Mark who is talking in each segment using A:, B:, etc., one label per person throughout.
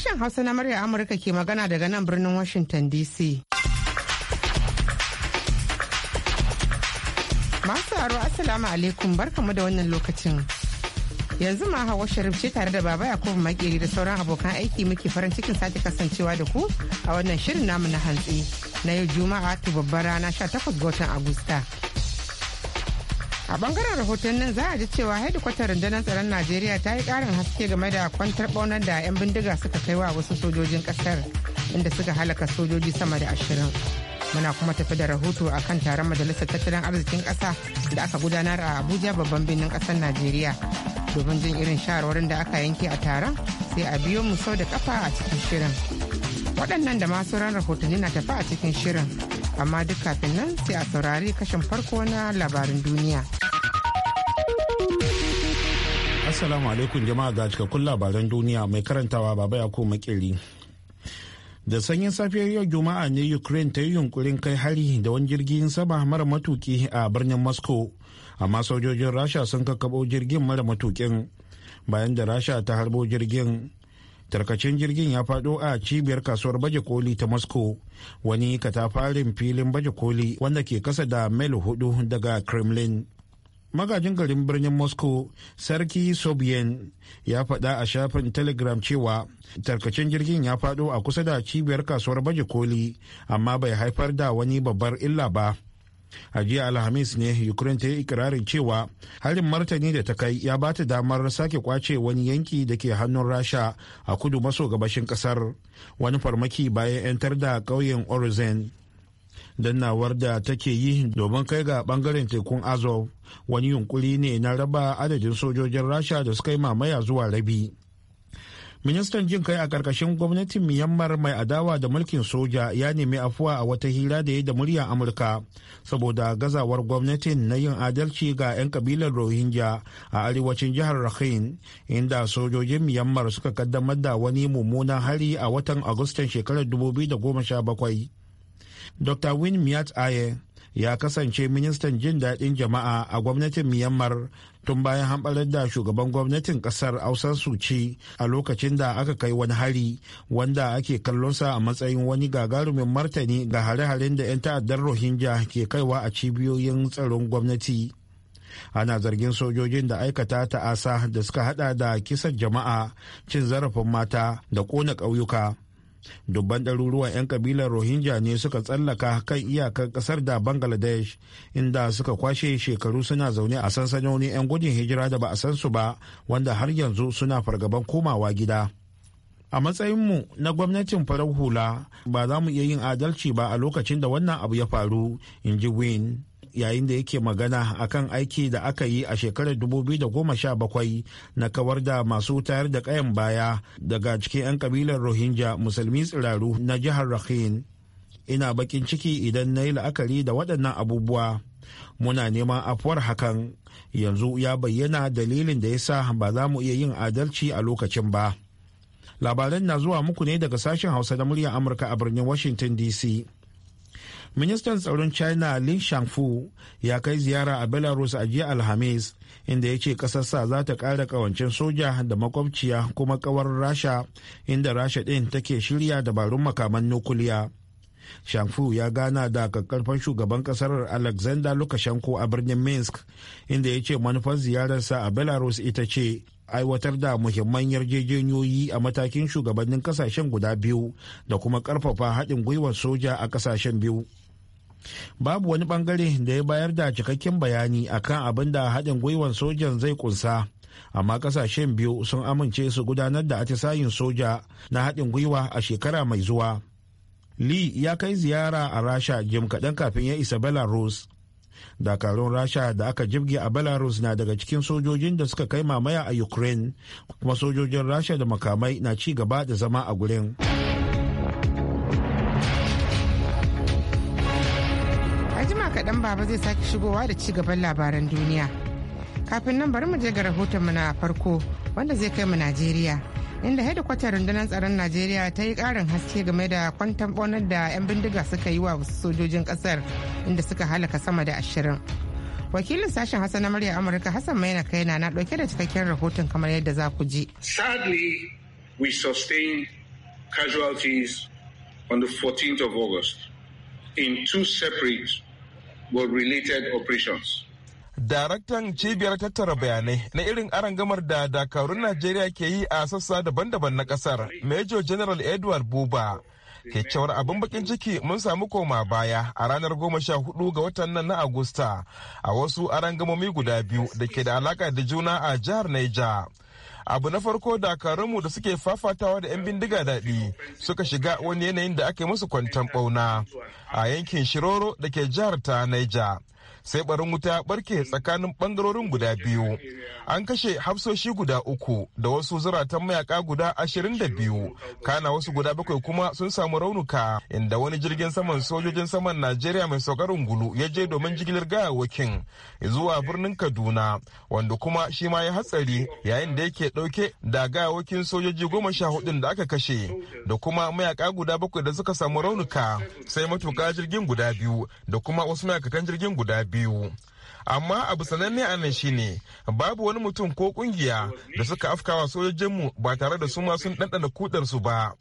A: Sashen Hausa na murya Amurka ke magana daga nan birnin Washington DC. Masu aro Assalamu alaikum barkamu da wannan lokacin. Yanzu ma Hawa Sharif ce tare da Baba Yakubu Makeri da sauran abokan aiki muke farin cikin sake kasancewa da ku a wannan shirin namu na hantsi na yau Juma'a ta babbar rana 18 ga watan Agusta. a bangaren rahoton nan za a ji cewa hedikwatar rundunar tsaron najeriya ta yi karin haske game da kwantar baunar da 'yan bindiga suka kai wa wasu sojojin ƙasar inda suka halaka sojoji sama da ashirin muna kuma tafi da rahoto a kan taron majalisar tattalin arzikin ƙasa da aka gudanar a abuja babban birnin ƙasar najeriya domin jin irin shawarwarin da aka yanke a taron sai a biyo mu sau da kafa a cikin shirin waɗannan da masu ran rahotanni na tafi a cikin shirin amma duk kafin nan sai a saurari kashin farko na labarin duniya.
B: Assalamu alaikum jama'a ga cikakkun labaran duniya mai karantawa baba ya ko makeri. Da sanyin safiyar yau Juma'a ne Ukraine ta yi yunkurin kai hari da wani jirgin sama mara matuki a birnin Moscow, amma sojojin Rasha sun kakkabo jirgin mara matukin bayan da Rasha ta harbo jirgin. tarkacin jirgin ya fado a cibiyar kasuwar baje koli ta moscow wani katafarin filin baje koli wanda ke kasa da mail hudu daga kremlin magajin garin birnin moscow sarki sobyen ya faɗa a shafin telegram cewa tarkacin jirgin ya faɗo a kusa da cibiyar kasuwar baje koli amma bai haifar da wani babbar illa ba a jiya alhamis ne ukraine ta yi ikirarin cewa harin martani da ta kai ya bata damar sake kwace wani yanki da ke hannun rasha a kudu maso gabashin kasar wani farmaki bayan 'yantar da ƙauyen orizen dannawar da take yi domin kai ga bangaren tekun azov wani yunkuri ne na raba adadin sojojin rasha da suka yi mamaya zuwa rabi ministan jin kai a karkashin gwamnatin myanmar mai adawa da mulkin soja ya nemi afuwa a wata hira da ya da muryar amurka saboda gazawar gwamnatin na yin adalci ga 'yan kabilar rohingya a arewacin jihar rakhine inda sojojin myanmar suka kaddamar da wani mummunan hari a watan agustan shekarar 2017 dr win Miat aye ya kasance ministan jin daɗin jama'a a gwamnatin myanmar tun bayan hamɓarar da shugaban gwamnatin ƙasar Ausar suci a lokacin da aka kai wani hari wanda ake kallonsa a matsayin wani gagarumin martani ga hare-haren da 'yan ta'addar rohingya ke kaiwa a cibiyoyin tsaron gwamnati ana zargin sojojin da aikata ta'asa da suka hada da kisan jama'a cin zarafin mata da ƙona ƙauyuka dubban ɗaruruwan 'yan kabilar rohingya ne suka tsallaka kan iyakar ƙasar da bangladesh inda suka kwashe shekaru suna zaune a sansanoni 'yan gudun hijira da ba a san su ba wanda har yanzu suna fargaban komawa gida a matsayinmu na gwamnatin farar hula ba za mu iya yin adalci ba a lokacin da wannan abu ya faru in ji win yayin da yake magana akan aiki da aka yi a shekarar 2017 na kawar da masu tayar da kayan baya daga cikin 'yan kabilar rohingya musulmi tsiraru na jihar rahin ina bakin ciki idan na yi la'akari da waɗannan abubuwa muna neman afuwar hakan yanzu ya bayyana dalilin da ya sa ba za mu iya yin adalci a lokacin ba labaran na zuwa muku ne daga sashen hausa na muryar amurka a birnin washington dc ministan tsaron china lin shangfu ya kai ziyara a belarus a jiya alhamis inda ya ce ƙasarsa za ta ƙara ƙawancin soja da makwabciya kuma ƙawar rasha inda rasha ɗin take shirya dabarun makaman nukuliya shanfu ya gana da kakkarfan shugaban kasar alexander lukashenko a birnin minsk inda ya ce manufar ziyararsa a belarus ita ce aiwatar da muhimman yarjejeniyoyi a matakin shugabannin kasashen guda biyu da kuma karfafa haɗin gwiwar soja a kasashen biyu babu wani bangare da ya bayar da cikakken bayani a kan abin da haɗin gwiwan sojan zai kunsa amma kasashen biyu sun amince su gudanar da atisayin soja na haɗin gwiwa a shekara mai zuwa lee ya kai ziyara a rasha jim kaɗan kafin ya isa belarus dakarun rasha da aka jibge a belarus na daga cikin sojojin da suka kai mamaya a ukraine kuma sojojin rasha da makamai na ci gaba da zama a gurin.
A: jima kaɗan baba zai sake shigowa da ci gaban labaran duniya kafin nan bari mu je ga rahotonmu na farko wanda zai kai mu najeriya inda hedikwatar rundunar tsaron najeriya ta yi ƙarin haske game da kwantan bonar da 'yan bindiga suka yi wa wasu sojojin ƙasar inda suka halaka sama da ashirin wakilin sashen hassan na murya amurka hassan na kaina na dauke da cikakken rahoton kamar yadda za ku ji
C: sadly we sustained casualties on the 14th of august in two separate related operations.
D: Daraktan cibiyar tattara bayanai na irin arangamar da dakarun Najeriya ke yi a sassa daban-daban na kasar, Major General Edward Buba. kyakkyawar abin bakin ciki mun samu koma baya a ranar goma sha hudu ga watan nan na agusta a wasu arangamomi guda biyu da ke da alaka da juna a jihar Niger. abu na farko dakarunmu da suke fafatawa da 'yan bindiga daɗi suka shiga wani yanayin da aka yi musu kwanton ɓauna a yankin shiroro da ke jihar ta Niger. sai barin wuta barke tsakanin bangarorin guda biyu an kashe hafsoshi guda uku da wasu zuratan mayaka guda ashirin da biyu kana wasu guda bakwai kuma sun samu raunuka inda wani jirgin saman sojojin saman najeriya mai saukar ungulu ya je domin jigilar wakin. zuwa birnin kaduna wanda kuma shi ma ya hatsari yayin da yake dauke da wakin sojoji goma sha hudun da aka kashe da kuma mayaka guda bakwai da suka samu raunuka sai matuka jirgin guda biyu da kuma wasu mayakakan jirgin guda biyu amma abu sananne a nan shine babu wani mutum ko kungiya da suka afkawa sojojinmu ba tare da su ma sun ɗanɗana kudarsu ba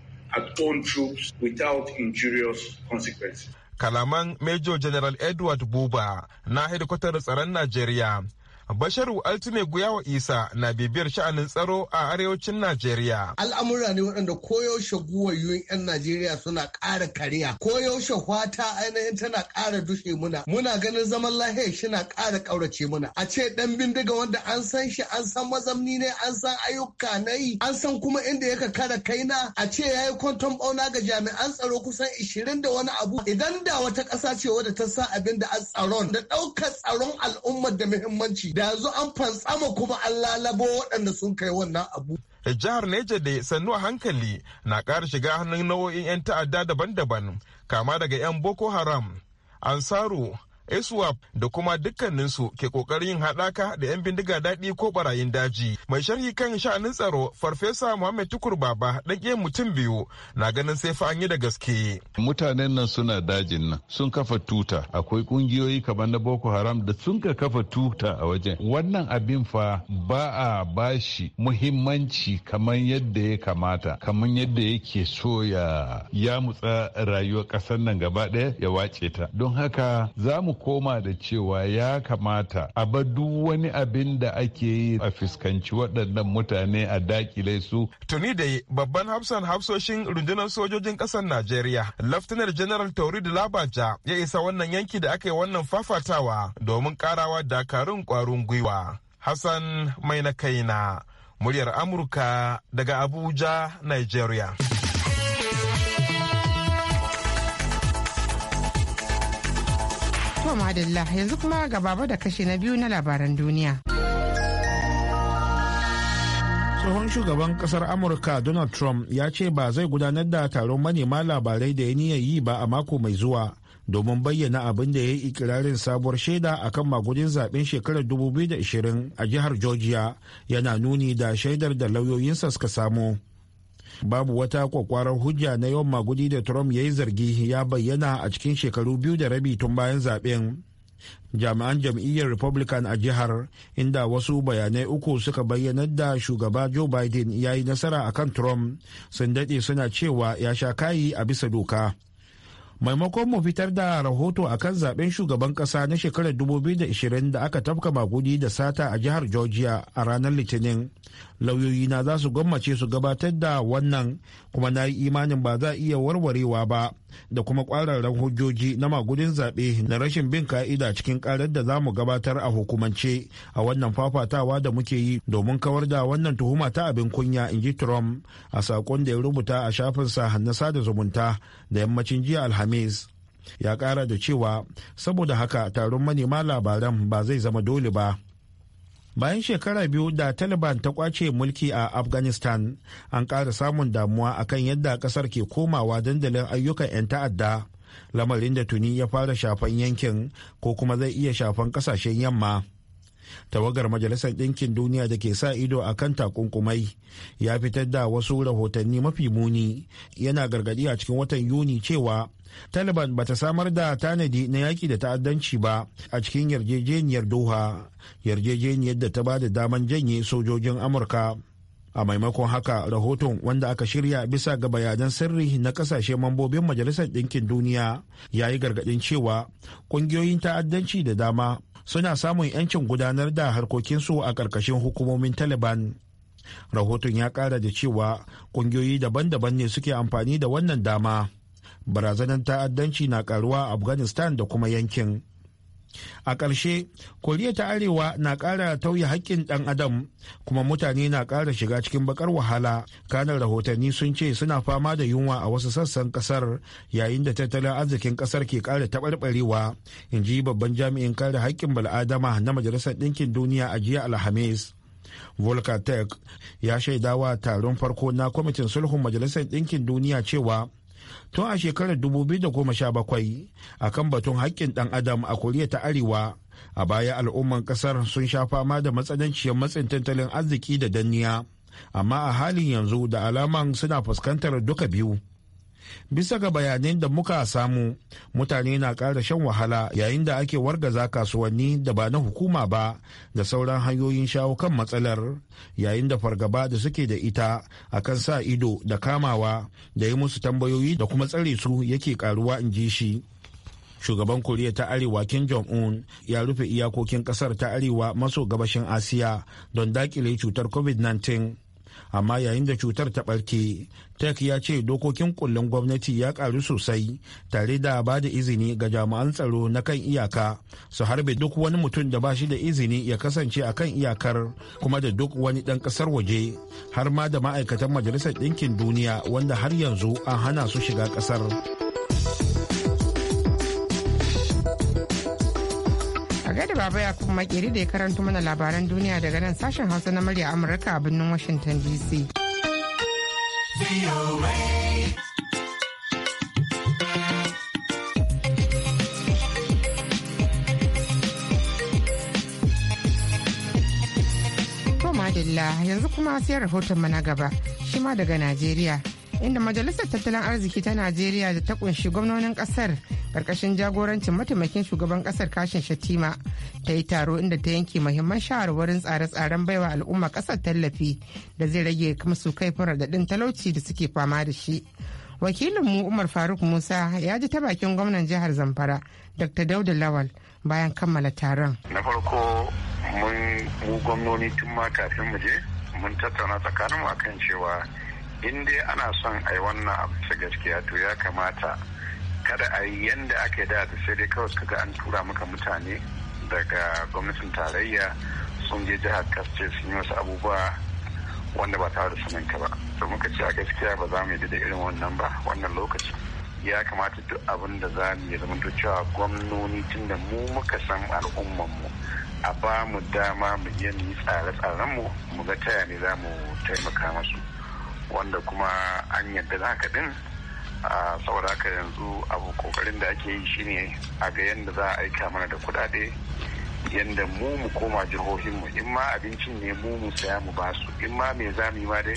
D: kalaman major general edward buba na hedikwatar tsaron najeriya Basharu Altine Guyawa Isa na bibiyar sha'anin tsaro a arewacin Najeriya.
E: Al'amura ne waɗanda koyaushe guwayoyin 'yan Najeriya suna ƙara kariya. Koyaushe hwata ainihin tana ƙara dushe muna. Muna ganin zaman lahiya shi na ƙara ƙaurace muna. A ce ɗan bindiga wanda an san shi an san mazamni ne an san ayyuka na yi an san kuma inda yaka kara kaina a ce ya yi kwanton ɓauna ga jami'an tsaro kusan ishirin da wani abu. Idan da wata ƙasa ce wadda ta
D: sa abin da a tsaron da ɗaukar tsaron al'ummar da muhimmanci. da yanzu an fantsama kuma an lalabo waɗanda sun kai wannan abu. Jihar Neja da sannu a hankali na ƙara shiga hannun nau'o'in 'yan ta'adda daban-daban kama daga 'yan Boko Haram, Ansaru, aswap da kuma dukkaninsu ke kokarin yin haɗaka da 'yan bindiga daɗi ko barayin daji mai sharhi kan sha'anin tsaro farfesa muhammad tukur baba ɗage mutum biyu na ganin sai fa an yi da gaske mutanen nan suna dajin nan sun kafa tuta akwai kungiyoyi kamar na boko haram da sun ka kafa tuta a wajen wannan abin fa ba a bashi muhimmanci kamar yadda ya kamata kamar yadda yake so ya ya mutsa rayuwar ƙasar nan gaba ɗaya ya wace ta don haka za mu koma da cewa ya kamata a ba duk wani abin da ake yi a fuskanci waɗannan mutane a dakile su. Tuni da babban hafsan hafsoshin rundunar sojojin ƙasar Najeriya, Laftanar General Tauri da Labaja ya isa wannan yanki da aka yi wannan fafatawa domin karawa dakarun ƙwarin gwiwa. Hassan mai na kaina, muryar Amurka daga Abuja, Nigeria.
A: To madalla yanzu kuma ga baba da kashe na biyu na labaran duniya.
B: Tsohon shugaban kasar Amurka Donald Trump ya ce ba zai gudanar da taron manema labarai da ya niya yi ba a mako mai zuwa domin bayyana abin da ya yi ikirarin sabuwar shaida a kan magudin zaben shekarar 2020 a jihar Georgia yana nuni da shaidar da lauyoyinsa suka samu. babu wata kwakwaran hujja na yawan magudi da trump ya yi zargi ya bayyana a cikin shekaru biyu da rabi tun bayan zaben jami'an jam'iyyar republican a jihar inda wasu bayanai uku suka bayyanar da shugaba joe biden ya yi nasara a kan trump sun daɗe suna cewa ya sha kayi a bisa doka maimakon mu fitar da rahoto a kan zaben shugaban ƙasa na shekarar 2020 da aka tafka magudi da sata a jihar georgia a ranar litinin lauyoyina za su gwammace su gabatar da wannan kuma na yi imanin ba za iya warwarewa ba da kuma kwararren hujjoji na magudin zaɓe na rashin bin ka'ida cikin karar da za mu gabatar a hukumance a wannan fafatawa da muke yi domin kawar da wannan tuhuma ta abin kunya in ji trump a saƙon da ya rubuta a shafinsa na sada zumunta da yammacin jiya alhamis ya ƙara da cewa saboda haka taron manema labaran ba zai zama dole ba. bayan shekara biyu da taliban ta kwace mulki a afghanistan an ƙara samun damuwa akan yadda ƙasar ke komawa dandalin ayyukan 'yan ta'adda lamarin da tuni ya fara shafan yankin ko kuma zai iya shafan ƙasashen yamma tawagar majalisar ɗinkin duniya da ke sa ido a kan takunkumai ya fitar da wasu rahotanni mafi muni yana gargaɗi a cikin watan yuni cewa taliban bata samar da tanadi na yaƙi da ta'addanci ba a cikin yarjejeniyar doha yarjejeniyar da ta ba da daman janye sojojin amurka a maimakon haka rahoton wanda aka shirya bisa ga bayanan sirri na kasashe mambobin majalisar ɗinkin duniya ya yi gargaɗin cewa ƙungiyoyin ta'addanci da dama suna samun 'yancin gudanar da harkokinsu a ƙarƙashin hukumomin taliban rahoton ya ƙara da cewa ƙungiyoyi daban-daban ne suke amfani da wannan dama barazanar ta'addanci na ƙaruwa a afghanistan da kuma yankin a ƙarshe koriya ta arewa na ƙara tauye haƙƙin ɗan adam kuma mutane na ƙara shiga cikin baƙar wahala kanar rahotanni sun ce suna fama da yunwa a wasu sassan ƙasar yayin da tattalin arzikin ƙasar ke ƙara taɓarɓarewa in ji babban jami'in kare haƙƙin bal'adama na majalisar ɗinkin duniya a jiya alhamis volcatech ya shaidawa taron farko na kwamitin sulhun majalisar ɗinkin duniya cewa tun a shekarar 2017 kan batun haƙƙin ɗan adam a koriya ta arewa a baya al'umman ƙasar sun sha fama da matsananciyar matsin tattalin arziki da danniya amma a halin yanzu da alaman suna fuskantar duka biyu bisa ga bayanan da muka samu mutane na ƙara shan wahala yayin da ake wargaza kasuwanni da ba na hukuma ba da sauran hanyoyin shawo kan matsalar yayin da fargaba da suke da ita akan sa ido da kamawa da yi musu tambayoyi da kuma tsare su yake karuwa in ji shi shugaban koriya ta arewa kim jong-un ya rufe iyakokin kasar ta arewa maso gabashin asiya don dakile cutar covid-19 amma yayin da cutar ta ɓarke tech ya ce dokokin kullum gwamnati ya ƙaru sosai tare da ba da izini ga jami'an tsaro na kan iyaka su harbe duk wani mutum da ba shi da izini ya kasance a kan iyakar kuma da duk wani ɗan ƙasar waje har ma da ma'aikatan majalisar ɗinkin duniya wanda har yanzu an hana su shiga ƙasar.
A: da baba ya kuma makeri da ya karanta mana labaran duniya daga nan sashen hausa na murya amurka a birnin washington dc Madalla yanzu kuma sai rahoton mana gaba shi ma daga Najeriya inda majalisar tattalin arziki ta Najeriya da ta kunshi gwamnonin kasar karkashin jagorancin mataimakin shugaban kasar kashin Shatima ta yi taro inda ta yanke muhimman shawarwarin tsare-tsaren baiwa al'umma ƙasar tallafi da zai rage musu kaifin radadin talauci da suke fama da shi wakilin wakilinmu umar faruk musa ya ji ta bakin gwamnan jihar zamfara dr dauda lawal bayan kammala taron
C: na farko mun mu gwamnoni tun ma kafin mu je mun tattauna tsakanin akan cewa in dai ana son a yi wannan abu gaskiya to ya kamata kada a yi yanda ake da sai dai kawai kaga an tura maka mutane daga gwamnatin tarayya sun je jihar kasce sun yi wasu abubuwa wanda ba tare da sanin ka ba to muka ce a gaskiya ba za mu yi da irin wannan ba wannan lokaci ya kamata duk abin da za mu yi zama cewa gwamnoni tun da mu muka san mu a ba mu dama mu yi ni tsare-tsaren mu mu ga taya ne za mu taimaka masu wanda kuma an yadda za ka din saboda haka yanzu abu kokarin da ake yi shine a ga yadda za a aika mana da kudade yadda mu mu koma jihohinmu in ma abincin ne mu mu saya mu basu in ma me za mu yi ma dai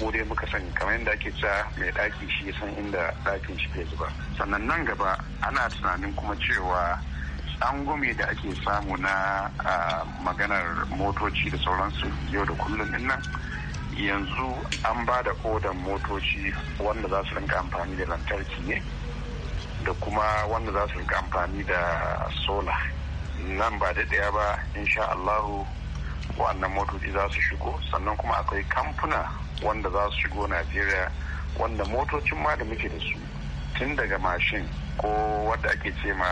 C: mu dai muka san kamar yadda ake cewa mai daki shi san inda dakin shi ke zuba sannan nan gaba ana tunanin kuma cewa tsangwame da ake samu na ah, maganar motoci da sauransu yau da kullum din nan yanzu an ba da odan motoci wanda za su rinka amfani da lantarki ne da kuma wanda za su rinka amfani da sola nan ba da ɗaya ba insha Allahu wannan motoci za su shigo sannan kuma akwai kamfuna wanda za su shigo najeriya wanda motocin ma da muke da su tun daga mashin ko wadda ake ce ma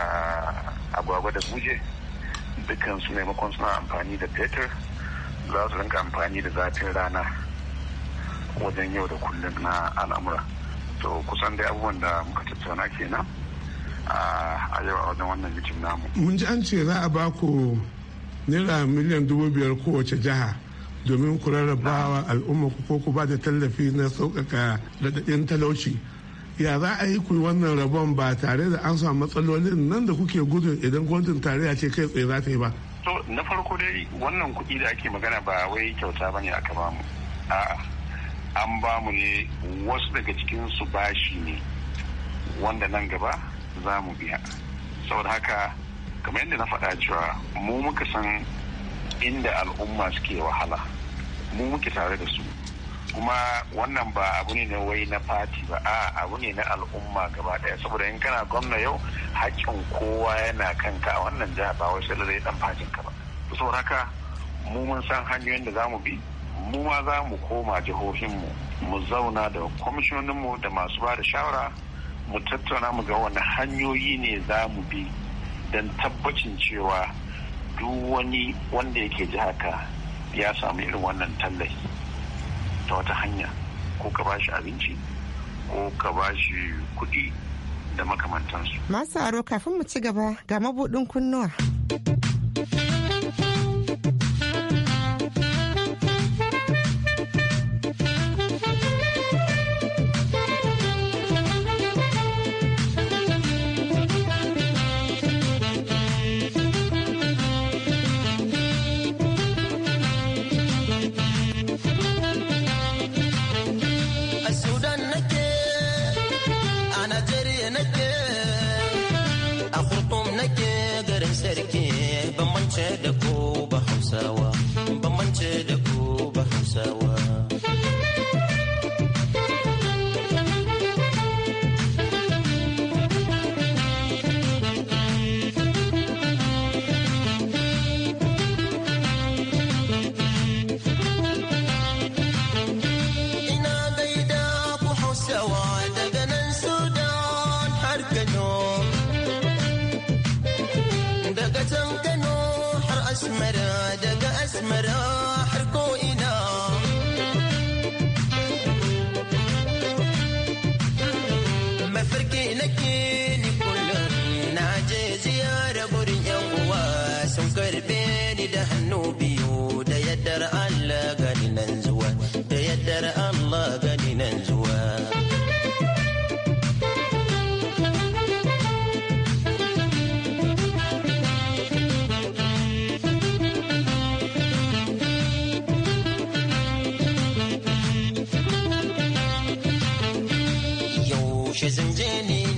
C: agwagwa da guje dukansu maimakon suna amfani da fetur za su rinka amfani da zafin rana wajen yau da kullum na al'amura to kusan dai abubuwan da muka tattauna kenan a yau a wajen wannan mitin
D: namu mun ji an ce za a ba ku naira miliyan dubu biyar kowace jiha domin ku rarrabawa al'umma ku ko ku ba da tallafi na sauƙaƙa raɗaɗin talauci
B: ya za a yi ku wannan rabon ba tare da an samu matsalolin nan da kuke gudun idan gwamnatin tarayya ce kai tsaye za ta yi ba
C: to na farko dai wannan kuɗi da ake magana ba wai kyauta bane aka bamu a'a an ba mu ne wasu daga cikinsu bashi ne wanda nan gaba za mu biya saboda haka kamar yadda na faɗa cewa mu muka san inda al'umma suke wahala mu muke tare da su kuma wannan ba abu ne na wai na fati ba a abu ne na al'umma gaba daya saboda in kana gwamna yau haƙƙin kowa yana kanka a wannan jiha ba wai sai dan fatin ka ba saboda haka mu mun san hanyoyin da zamu bi mu ma za mu koma jihohinmu mu zauna da mu da masu ba da shawara mu tattauna mu ga wani hanyoyi ne za mu bi don tabbacin cewa duk wani wanda yake ji haka ya samu irin wannan tallafi ta wata hanya ko ka ba shi abinci ko ka ba shi kuɗi da makamantansu.
A: Masu aro kafin mu ci gaba ga mabuɗin kunnuwa.
F: tsallake ni kullum na je ziyara gurin yan uwa sun karbe ni da hannu biyu da yaddar Allah gani nan zuwa da yaddar Allah gani nan zuwa yaushe zan je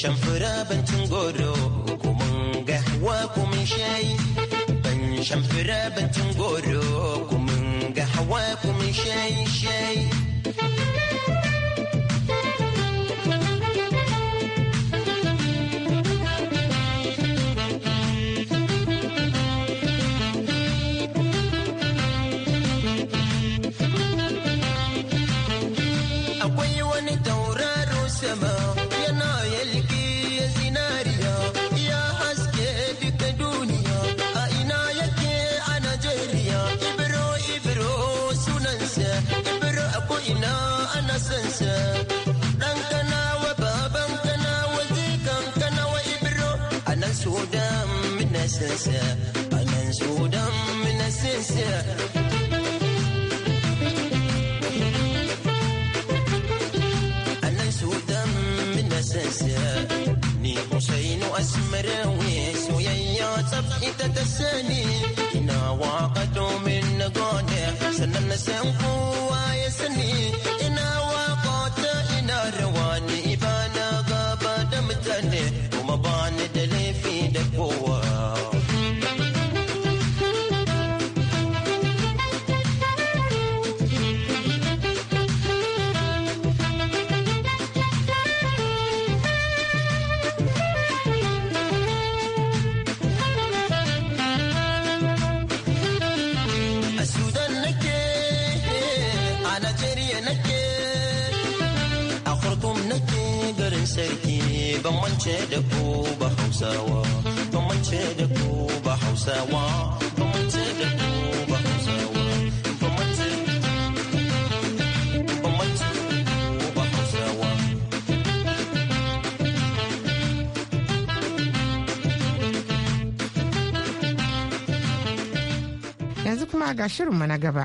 F: shan fura bantin goro mun kumun gawa kumun shayi ban shan fura bantin goro mun kumun gawa kumun shayi shayi ودم من السنسة أنا نسو دم من السنسة أنا نسو دم من السنسة ني حسين أسمر ويسو يا تبقي إنا واقدو من نقاني سنن سنقوا يسني إنا sarkin sarki ban mance da ku ba hausawa ban mance da ku ba hausawa ban mance da ku ba hausawa
A: yanzu kuma ga shirinmu na gaba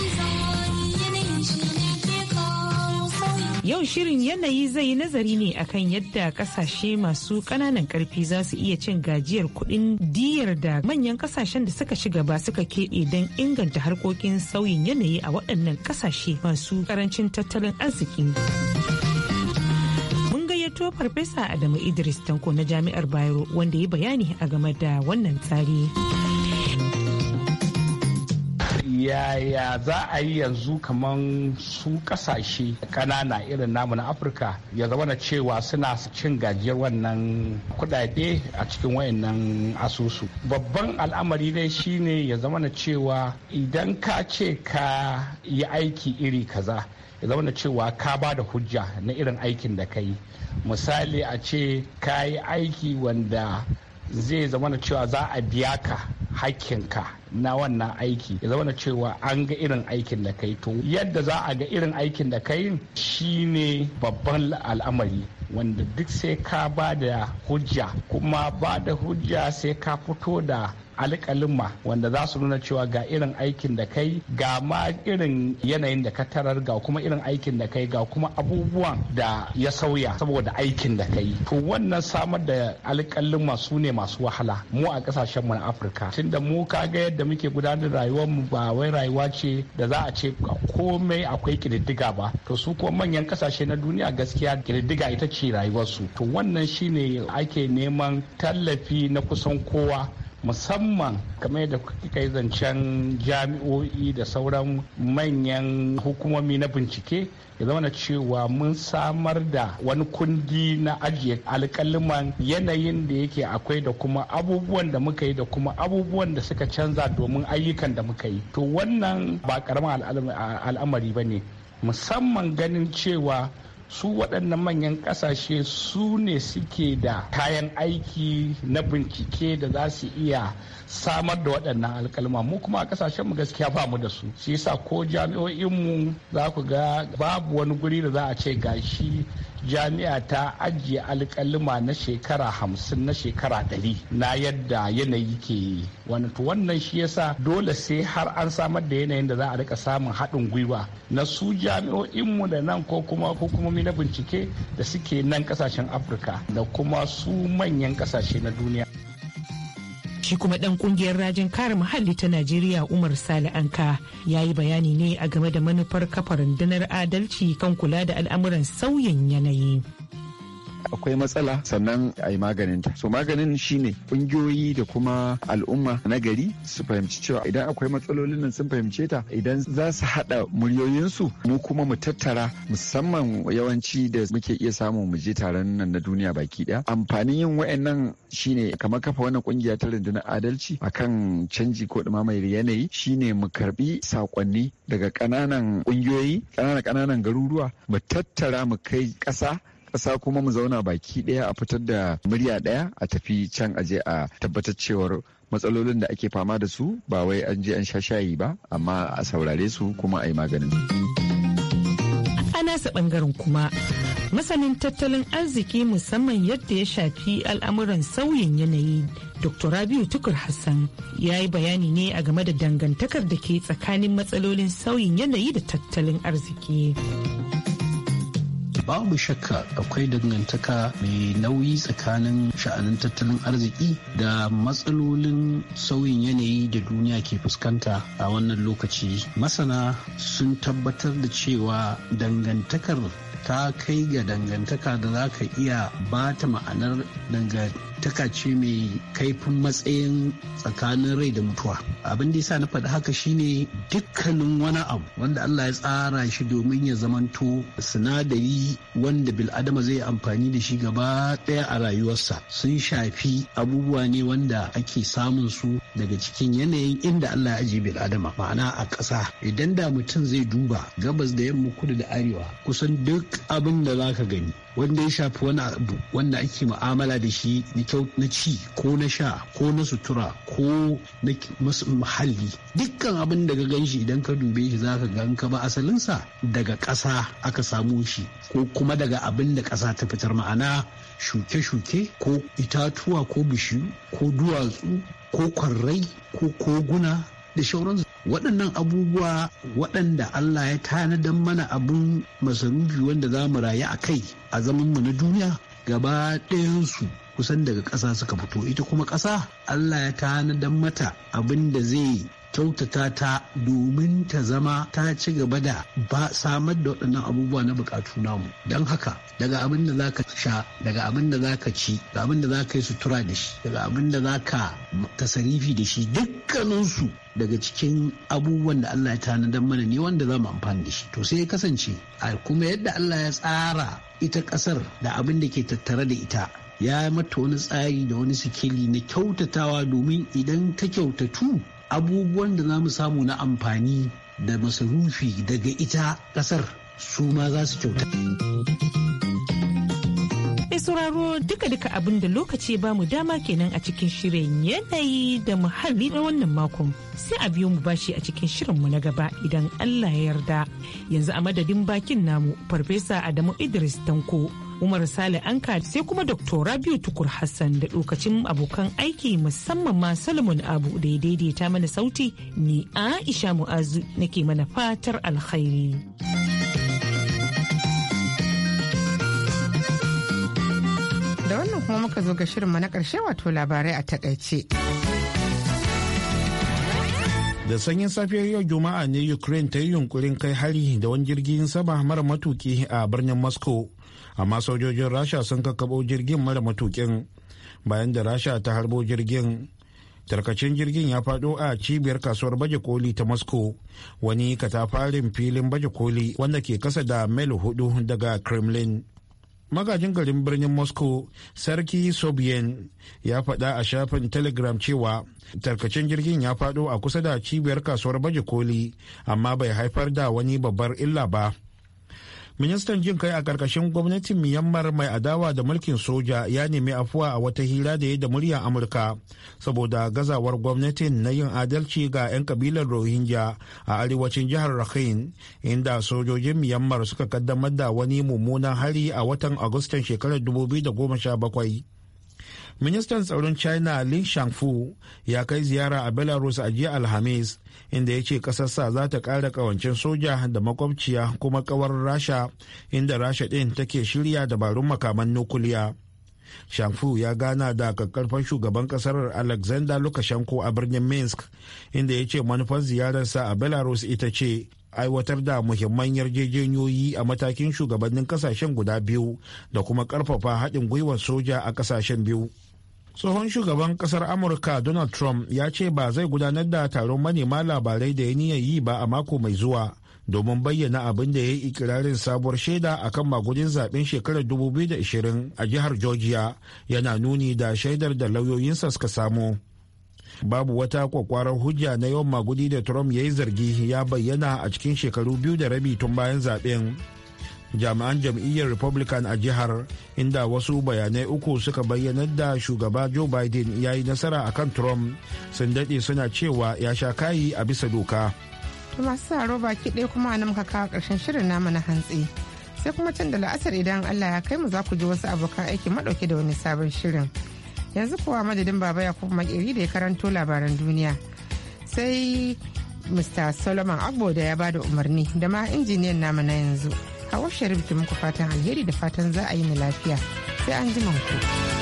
G: Yau shirin yanayi zai yi nazari ne akan yadda kasashe masu kananan karfi za su iya cin gajiyar kuɗin diyar da manyan kasashen da suka shiga ba suka keɓe don inganta harkokin sauyin yanayi a waɗannan kasashe masu ƙarancin tattalin arziki. mun gayyato Farfesa Adamu Idris Tanko na Jami'ar Bayero wanda ya bayani a game da wannan tsari.
H: yaya za a yi yanzu kaman su kasashe ƙanana irin namu na afirka ya zama na cewa suna cin gajiyar wannan kudade a cikin wayannan asusu babban al'amari dai shine ya zama na cewa idan ka ce ka yi aiki iri kaza ya zama na cewa ka ba da hujja na irin aikin da ka yi misali a ce ka yi aiki wanda zai zama na cewa za a biya ka hakkinka na wannan aiki ya zama na cewa an ga irin aikin da kai to yadda za a ga irin aikin da kai shine babban al'amari wanda duk sai ka ba da hujja kuma ba da hujja sai ka fito da alƙalinma wanda za su nuna cewa ga irin aikin da kai ga ma irin yanayin da ka tarar ga kuma irin aikin da kai ga kuma abubuwan
B: da ya sauya
H: saboda aikin da kai to wannan samar da alkalima su ne masu wahala mu a ƙasashen mu na afirka tunda mu ka ga yadda muke gudanar da rayuwar mu ba wai rayuwa ce da za a ce komai akwai ƙiriddiga ba to su kuma manyan ƙasashe na duniya gaskiya ƙiriddiga ita ce shi rayuwarsu to wannan shine ake neman tallafi na kusan kowa musamman kamar da kika yi zancen jami'o'i da sauran manyan hukumomi na bincike ya zama cewa mun samar da wani kundi na ajiye alkaliman yanayin da yake akwai da kuma abubuwan da muka yi da kuma abubuwan da suka canza domin ayyukan da muka yi to wannan ba karamin al'amari ba ne musamman ganin cewa su waɗannan manyan ƙasashe su ne suke da kayan aiki na bincike da za su iya samar da waɗannan alkalma mu kuma a ƙasashen mu gaskiya ba mu da su shi yasa ko jami'o'inmu za ku ga babu wani guri da za a ce gashi jami'a ta ajiye alkalima na shekara hamsin na shekara ɗari na yadda yanayi ke wani to wannan shi yasa dole sai har an samar da yanayin da za a rika samun haɗin gwiwa na su jami'o'inmu da nan ko kuma hukumomi na bincike da suke nan kasashen afirka da kuma su manyan kasashe na duniya
G: shi kuma dan kungiyar rajin kare muhalli ta najeriya umar sale anka ya yi bayani ne a game da manufar kafa rundunar adalci kan kula da al'amuran sauyin yanayi akwai
C: matsala sannan a yi ta so maganin shine ƙungiyoyi da kuma al'umma na gari su fahimci cewa idan akwai matsalolin nan sun fahimce ta idan za su haɗa muryoyinsu mu kuma mu tattara musamman yawanci da muke iya samu mu je taron nan na duniya baki ɗaya amfanin yin wa'annan shine kamar kafa wannan ƙungiya ta rundunar adalci akan canji ko mai yanayi shine mu karbi sakonni daga ƙananan ƙungiyoyi ƙananan kananan garuruwa mu tattara mu kai ƙasa ƙasa kuma mu zauna baki ɗaya a fitar da murya ɗaya a tafi can aje a tabbatar cewar matsalolin da ake fama da su ba wai an je an sha shayi ba amma a saurare su kuma a yi maganin.
G: A nasa ɓangaren kuma masanin tattalin arziki musamman yadda ya shafi al'amuran sauyin yanayi dr rabiu tukur hassan ya yi bayani ne a game da dangantakar da ke tsakanin matsalolin sauyin yanayi da tattalin arziki
E: babu shakka akwai dangantaka mai nauyi tsakanin sha'anin tattalin arziki da matsalolin sauyin yanayi da duniya ke fuskanta a wannan lokaci masana sun tabbatar da cewa dangantakar ta kai ga dangantaka da za ka iya ba ta ma'anar dangantaka. taka ce mai kaifin matsayin tsakanin rai da mutuwa abin da yasa na faɗi haka shine dukkanin wani abu wanda Allah ya tsara shi domin ya zamanto sinadari wanda bil'adama zai amfani da shi gaba ɗaya a rayuwarsa sun shafi abubuwa ne wanda ake samun su daga cikin yanayin inda Allah ya ajiye bil'adama ma'ana a ƙasa idan da mutum zai duba gabas da yamma kudu da arewa kusan duk abin da zaka gani wanda ya shafi wani abu wanda ake mu'amala da shi na ci ko na sha ko na sutura ko na muhalli dukkan abin da ka gan shi idan ka dube shi za ka gan ka ba asalinsa daga ƙasa aka samu shi ko kuma daga abin da ƙasa ta fitar ma'ana shuke-shuke ko itatuwa ko bishiyu ko duwatsu ko kwarrai ko koguna da shauran waɗannan abubuwa waɗanda Allah ya tanadar mana abin masarufi wanda za mu rayu a kai a zamanmu na duniya gaba ɗayansu kusan daga ƙasa suka fito ita kuma ƙasa Allah ya tanadar mata abin da zai kyautata ta domin ta zama ta ci gaba da ba samar da waɗannan abubuwa na bukatu namu don haka daga abin da zaka sha daga abin da zaka ci daga abin da zaka yi sutura da shi daga abin da zaka tasarifi da shi dukkaninsu daga cikin abubuwan da Allah ya tanadar mana ne wanda za mu amfani da shi to sai ya kasance a kuma yadda Allah ya tsara ita kasar da abin da ke tattare da ita ya mata wani tsari da wani sikeli na kyautatawa domin idan ta kyautatu abubuwan da zamu samu na amfani da masarufi daga ita kasar su ma za su kyauta.
G: Mai sauraro duka-duka abin da lokaci ba mu dama kenan a cikin shirin yanayi da muhalli na wannan makon sai a biyo mu bashi a cikin shirin mu na gaba idan Allah ya yarda. Yanzu a madadin bakin namu Farfesa Adamu Idris Tanko. Umar Sale Anka sai kuma Dr. Rabiu Tukur Hassan da dokacin abokan aiki musamman ma Solomon Abu da ya daidaita mana sauti ni Aisha Mu'azu nake mana fatar alkhairi.
A: Da wannan kuma muka zo ga shirinmu na ƙarshe wato labarai a taƙaice.
B: da sanyin safiyar yau juma'a ne ukraine ta yi yunkurin kai hari da wani jirgin sama mara matuki a birnin moscow amma sojojin rasha sun kakkaɓo jirgin mara matukin bayan da rasha ta harbo jirgin tarkacin jirgin ya fado a cibiyar kasuwar baje koli ta moscow wani katafarin filin baje koli wanda ke kasa da mil hudu daga kremlin magajin garin birnin moscow sarki sobien ya faɗa a shafin telegram cewa tarkacin jirgin ya fado a kusa da cibiyar kasuwar baje koli amma bai haifar da wani babbar illa ba ministan jin kai a ƙarƙashin gwamnatin myanmar mai adawa da mulkin soja ya nemi afuwa a wata hira da ya da muryar amurka saboda gazawar gwamnatin na yin adalci ga 'yan kabilar rohingya a arewacin jihar rakhine inda sojojin myanmar suka kaddamar da wani mummunan hari a watan agustan shekarar 2017 ministan tsaron china lin shangfu ya kai ziyara a belarus a jiya alhamis inda ya ce kasarsa za ta ƙara ƙawancin soja da makwabciya kuma kawar rasha inda rasha ɗin take shirya dabarun makaman nukuliya shanfu ya gana da kakkarfan shugaban kasar alexander lukashenko a birnin minsk inda ya ce manufar ziyararsa a belarus ita ce aiwatar da muhimman yarjejeniyoyi a matakin shugabannin kasashen guda biyu da kuma karfafa haɗin gwiwar soja a kasashen biyu tsohon shugaban kasar amurka donald trump ya ce ba zai gudanar da taron manema labarai da ya niyyar yi ba a mako mai zuwa domin bayyana abin da ya yi ikirarin sabuwar shaida a kan magudin zaben shekarar 2020 a jihar georgia yana nuni da shaidar da lauyoyinsa suka samu babu wata kwakwarar hujja na yawan magudi da trump ya yi zargi ya bayyana a cikin shekaru biyu da rabi tun bayan zaben jami'an jam'iyyar republican a jihar inda wasu bayanai uku suka bayyanar da shugaba joe biden ya yi nasara akan trump sun daɗe suna cewa ya sha kayi a bisa doka
A: to masu saro baki ɗaya kuma na muka kawo ƙarshen shirin namu na hantsi sai kuma can da la'asar idan allah ya kai mu za ku ji wasu abokan aiki maɗauke da wani sabon shirin yanzu kuwa madadin baba ya kuma makeri da ya karanto labaran duniya sai mr solomon agbo da ya bada umarni da ma injiniyan namu na yanzu A sharif bikin muku fatan alheri da fatan za a yi ni lafiya sai an ji ku.